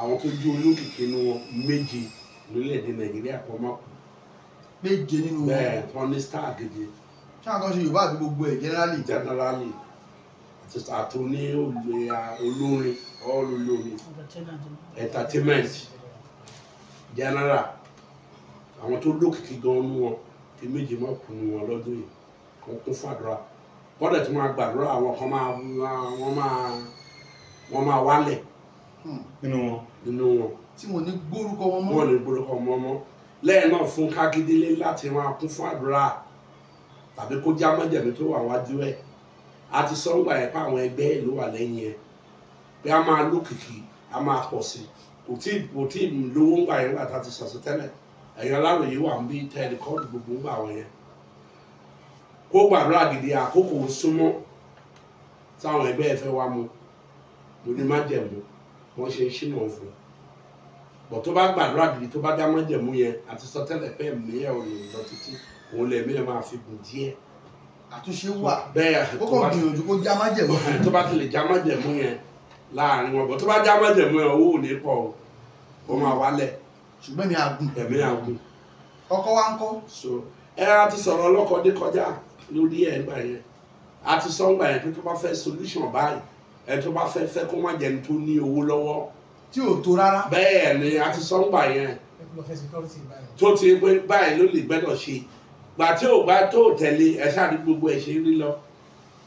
àwọn tó jẹ́ olókìkí inú wọn méje lórílẹ̀‐èdè nàìjíríà kan má kú. méje nínú wọn bẹ́ẹ̀ tí wọ́n ní star gidi. ṣáà kan ṣe yorùbá àti gbogbo ẹ̀ generally. generally àti ní olórin all olórin entertainment general àwọn tó lókìkí gan-an nú wọn ti méje má kú nú wọn lọ́dún yìí kó kún fàdúrà bọ́dẹ̀ tí wọ́n máa gbàdúrà àwọn kan máa wọ́n máa wọ́n máa wálẹ̀ nínú wọn. nínú wọn. tí wọn ní gbórúkọ wọn mọ́. wọn ní gbórúkọ wọn mọ́ lẹ́yìn náà fún kágídélé láti máa kún fún àdúrà tàbí kó já májèmí tó wà wájú ẹ̀ a ti sọ ńgbà àwọn ẹgbẹ́ ìlú wà lẹ́yìn ẹ̀ pé a máa lókìkí a máa pọ̀ sí kò tí kò tí lówó ńgbà yẹn gbà tá a ti sọ̀sọ̀ tẹ́lẹ̀ ẹ̀yin aláròye wà ń bí tẹ́lẹ̀ kọ́ọ̀dù gbogbo ńgbà wọn yẹn kó gbàdúrà gidi àkókò súnmọ́ táwọn ẹgbẹ́ ẹ fẹ́ wá mu mo ní májèmú wọ́n ṣe ń ṣínà fún bọ̀ tó bá gbàdúrà gidi tó bá dá májẹ̀mú yẹn àti sọtẹ́lẹ̀ pé mìíràn ò yìn lọ títí òun lè mìíràn máa fi gùn díẹ̀. àtúnṣe wà bẹ́ẹ̀ kókò gbìyànjú kó já májẹ̀mú. tó bá ti lè já májẹ̀mú yẹn láàrin wọn bọ̀ tó bá já májẹ̀mú yẹn owó ò ní pọ̀ o ó máa wálẹ̀. ṣùgbọ́n mi àgùn. ẹ̀mí àgùn. ọkọ wa ń kọ́. so ẹ a ti sọ̀rọ̀ ọlọ́kọ̀ọ́dé kọjá lórí ẹ̀ ń gbà yẹn a ti sọ ń gbà yẹn pé tó solution báyìí ẹ bá fẹ́ fẹ́ kó má jẹ́ ní ní owó lọ́wọ́. tí ò tó rárá. bẹ́ẹ̀ ni a ti sọ́ngbà yẹn. tó ti pé báyìí ló lè gbẹ́dọ̀ ṣe gbà tí ò bá tó tẹ̀lé ẹ ṣáàrí gbogbo ẹ̀ ṣe rí lọ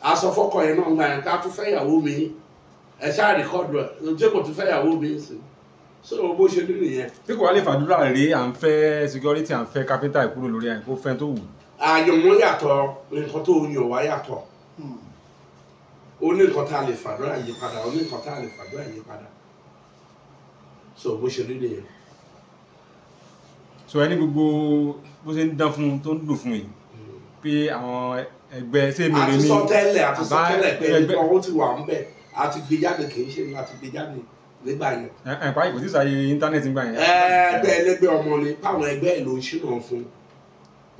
aṣọ fọkọ yẹn náà gbà yẹn ká tún fẹ́ yàwó mi ẹ ṣáàrí kọ́dù ẹ̀ ṣé kò tún fẹ́ yàwó mi sí so bó ṣe ní nìyẹn. tí kò wá lè fàdúrà rèé à ń fẹ́ security à ń fẹ́ kápẹ́ntà ìkúrò lórí àyìnkó fẹ́ tó wù. àyànmọ́ yàtọ̀ nǹkan tó yàn wá yàtọ̀ hmm ó ní nǹkan tá a lè fàdúrà yí padà ó ní nǹkan tá a lè fàdúrà yí padà so bó ṣe rí nìyẹn. so ẹni gbogbo bó ṣe ń dán fún tó ń dùn fún yìí pé àwọn ẹgbẹ́ ṣé mi rè mí àti sọtẹ́lẹ̀ àti sọtẹ́lẹ̀ pé ẹni kan ti wà ń bẹ̀ àti gbé jáde kì í ṣe ni àti gbé jáde nígbà yẹn. ẹ pa ìkòtí sàyè íńtánẹ́ẹ̀tì nígbà yẹn. ẹgbẹ́ ọmọ ni báwọn ẹgbẹ́ ẹ̀ ló ń ṣìnà fún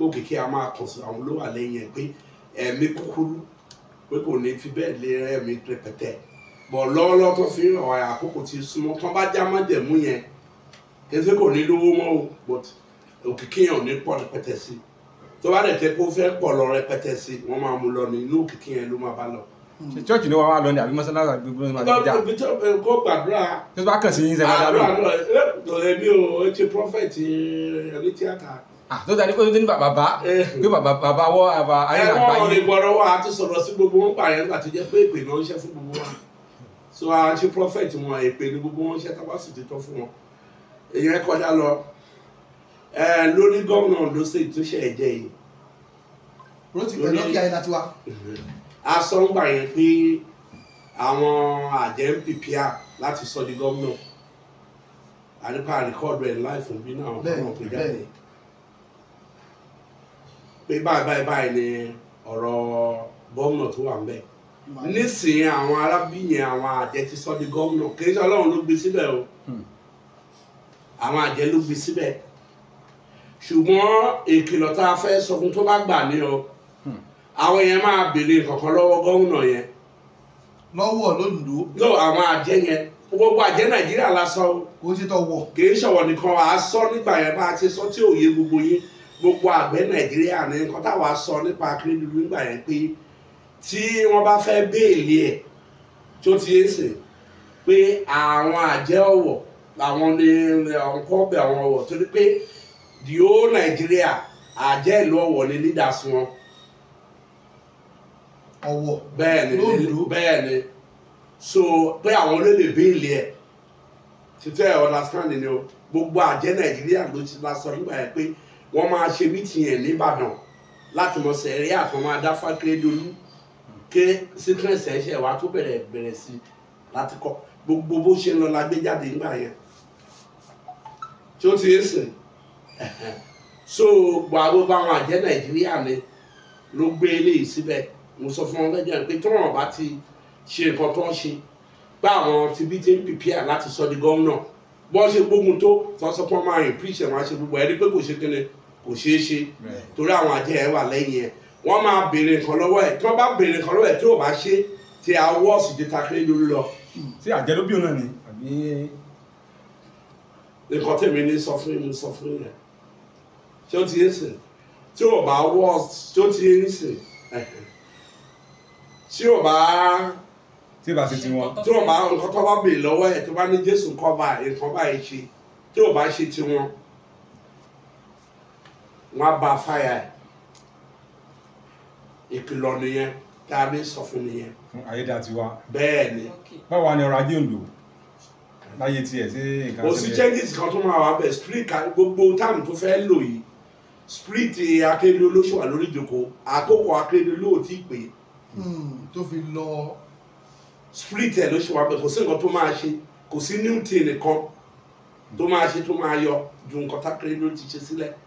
òkè kí a máa kàn sí àwọn olówà lẹ́yìn ẹ̀ pé ẹ̀mí kúkúrú pé kò ní fi bẹ́ẹ̀ lé rẹ́mi rẹpẹtẹ bọ̀ lọ́wọ́lọ́wọ́ tó fi hàn àkókò ti súnmọ́ tó bá já májẹ̀mú yẹn kété kò ní lówó mọ́ o but òkìkí yẹn ò ní pọ̀ rẹpẹtẹ sí tó bá dẹ̀ tẹ́ kó fẹ́ pọ̀ lọ rẹpẹtẹ sí wọ́n máa mú lọ ní inú òkìkí yẹn ló máa bá lọ. ṣe chọ́ọ̀chì ni wọ́n wá lọ ní àbí mọ́sálásí àbí gbogbo ní màdìjà. kó gbàdúrà tó bá kàn sí yín sẹ́ Ah, tó ta ni pé tó ní bàbá bá eh. pé bàbá bàbá wọ àbá ayé àgbáyé. ẹ̀wọ̀n ìgbọ̀rọ̀ wa àti sọ̀rọ̀ sí gbogbo wọn pààyàn nígbà tó jẹ́ pé èpè náà ń ṣe fún gbogbo wa so a ṣe prophet wọn èpè ni gbogbo wọn ṣe tábà sì ti tọ́ fún wọn èèyàn kọjá lọ lórí gómìnà Ondo State tó ṣe ẹ̀jẹ̀ yìí. rotimi lọ́kì ayé láti wá. a ń gbà yẹn pé àwọn àjẹ́ ń pìpìà láti di gómìnà àdìpá àdìkọ́dù ẹ̀ láì fún bí pé báyìí báyìí báyìí ni ọ̀rọ̀ gómìnà tó wà ń bẹ̀ nísìnyí àwọn arábìyàn àwọn àjẹ ti sọ di gómìnà kì í ṣe ọlọ́run ló gbé síbẹ̀ o hmm. àwọn àjẹ ló gbé síbẹ̀ ṣùgbọ́n ìkìlọ̀ tá a fẹ́ sọ fún tó bá gbà ní o hmm. àwọn yẹn máa béèrè kankan lọ́wọ́ gómìnà yẹn. lọ́wọ́ lóńdó. lọ àwọn àjẹ yẹn gbogbo àjẹ nàìjíríà lásán kò sí tọwọ. kì í ṣọwọ nìkan àá sọ nígbà yẹn bá a ti sọ tí òye gbogbo yín gbogbo àgbẹ̀ nàìjíríà ní nǹkan táwa sọ nípa akérèdọ́lù nígbà yẹn pé tí wọ́n bá fẹ́ béèlì ẹ̀ tó ti ń sìn pé àwọn àjẹ́ ọ̀wọ̀ làwọn ní ọ̀nkọ́ ọ̀bẹ àwọn ọ̀wọ̀ torí pé the whole nàìjíríà àjẹ́ ìlú ọ̀wọ̀ ni leaders wọn. ọ̀wọ̀ bẹ́ẹ̀ni bẹ́ẹ̀ni so pé àwọn ló lè béèlì ẹ̀ títẹ̀ understanding ni o gbogbo àjẹ́ nàìjíríà ló ti la sọ nígbà yẹn pé wọ́n máa ṣe mítìn ẹ̀ nìbàdàn láti mọ sẹ̀rí àtọ́mọ adáfá kérédolú ké síkírẹ̀sì ẹ̀ṣẹ̀ wa tó bẹ̀rẹ̀ bẹ̀rẹ̀ sí láti kọ́ gbogbo bó ṣe ń lọ la gbé jáde ńgbà yẹn tí ó ti yé sìn so gbàgbó báwọn àjẹ́ nàìjíríà ni ló gbé eléyìí síbẹ̀ mo sọ fún wọn lẹ́jọ́ pé tí wọ́n bá ti ṣe nǹkan tó ń ṣe bá àwọn ti bí ti ń pìpìà láti sọ di gómìnà bọ́n ṣe gbógun tó tọ́ sọ pé wọ́n máa rìn píríṣẹ̀ wọn ṣe gbogbo ẹ̀rí pé kò ṣe kíni kò ṣeé ṣe torí àwọn àjẹ́ ẹ̀ wà lẹ́yìn ẹ̀ wọ́n máa béèrè nǹkan lọ́wọ́ ẹ̀ tí wọ́n bá béèrè nǹkan lọ́wọ́ ẹ̀ tí ò bá ṣe ti awọ́ ọ̀sìndé takilé lórí lọ. Hmm. ṣé àjẹ́ bí òun náà ni. nǹkan tèmi ní sọ fún mi sọ fún yẹn tí ó ti yé sìn tí ò bá wọ́ tí ó ti yé ní sìn tí ò bá tí o bá ṣe ti wọn. tí o bá nǹkan tó bá bèè lọ́wọ́ ẹ̀ tó bá ní jésù kọ́ bá nǹkan báyìí ṣe tí o bá ṣe ti wọn wọn bá afa yà ìkìlọ̀ nìyẹn tá a bí sọfún nìyẹn. ayédatiwa. bẹ́ẹ̀ ni. báwa ni ọrọ̀ ajé ń lò láyé tiẹ̀ sí nǹkan sílẹ̀. òsì changes kan tó máa wà bẹ̀ spirit gbogbo táàmù tó fẹ́ lò yìí spirit akéde olóṣù wà lórí ìjòkó àkókò akéde olóòtí pé. Hmm, tó fi lọ. spirit ẹ̀ ló ṣe kò sí nǹkan tó máa ṣe kò sí new thing tó máa ṣe tó máa yọ ju nǹkan tá akéde ti ṣe sílẹ̀. Si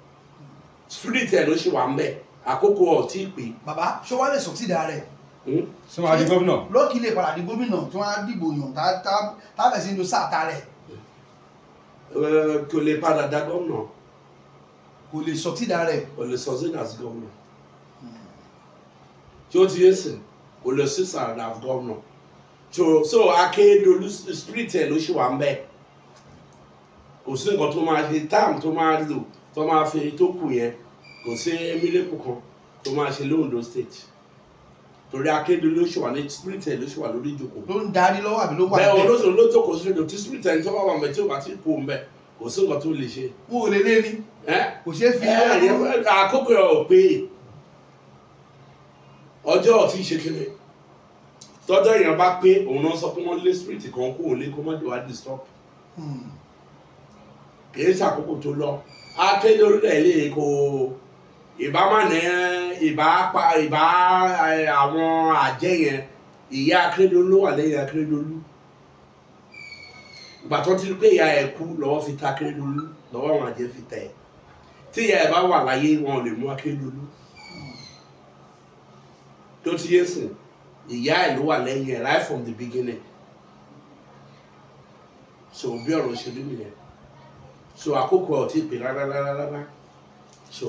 spirit ẹ̀ ló ṣe wà ń bẹ̀ àkókò ọ̀ tí ì pè. bàbá ṣé wàá lè succeed ààrẹ hmm? ṣé wàá di gómìnà. lọ́ọ̀kì lè padà di gómìnà tí wọ́n á dìbò yàn tábẹ̀ sí ní sáàtà rẹ̀. Eh, kò lè padà da gómìnà. kò lè succeed ààrẹ. kò lè succeed as gómìnà. tí ó ti yé sìn kò lè succeed as gómìnà. so Akérédolú spirit ẹ̀ ló ṣe wà ń bẹ̀ kò sí nǹkan tó máa ṣe táàmù tó máa lò tó máa fi tó kù yẹn kò sí mílíkù kan tó máa ṣe lóńdó state torí Akérédolú ló ṣe wà ní spirit ẹ ló ṣe wà lórí ìjòkó. ló ń darí lọ́wọ́ àbí ló wà níbẹ̀. bẹ́ẹ̀ olóṣèlú ló tó kò sí ìdò tí spirit ẹ tó bá wà mẹ́ tí ò bá ti kú mẹ́ kò sí nǹkan tó lè ṣe. wo lè lé ní. kò ṣeé fi ilé ẹ àkókò ẹ ò pé ọjọ́ ọtí ṣe kéré tọ́jọ́ èèyàn bá pé òun náà sọ pé wọ́n lé spirit kan kó o lé kó má dé wá disturb. Hmm kìí ṣàkókò tó lọ akéde orílẹ̀-èdè kò ìbá má ní ìbá pa ìbá àwọn àjẹ́ yẹn ìyá Akérédolú wà lẹ́yìn Akérédolú ìgbà tó ti pé ìyá ẹ̀ kú lọ́wọ́ fi ta Akérédolú lọ́wọ́ àwọn àjẹ́ fi tẹ̀ tí ìyá ẹ̀ bá wà láyé wọn ò lè mú Akérédolú tó ti yé sìn ìyá ẹ̀ ló wà lẹ́yìn ẹ̀ right from the beginning so bí ọ̀rọ̀ ṣe rí nìyẹn so àkókò ọ̀ tí ì pè rárá rárá rárá so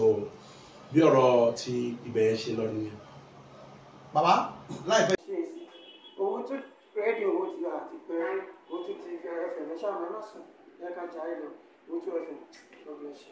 bí ọ̀rọ̀ ti ibẹ̀ yẹn ṣe lọ nìyẹn. bàbá láìpẹ́. owó tó rédíò owó ti àti pé owó tó ti fẹ́ ẹ̀fẹ̀ lẹ́sàmọ́ náà sùn yẹ ká jà á lọ owó tó ẹ̀fẹ̀ lọ́gbẹ̀ẹ́sì.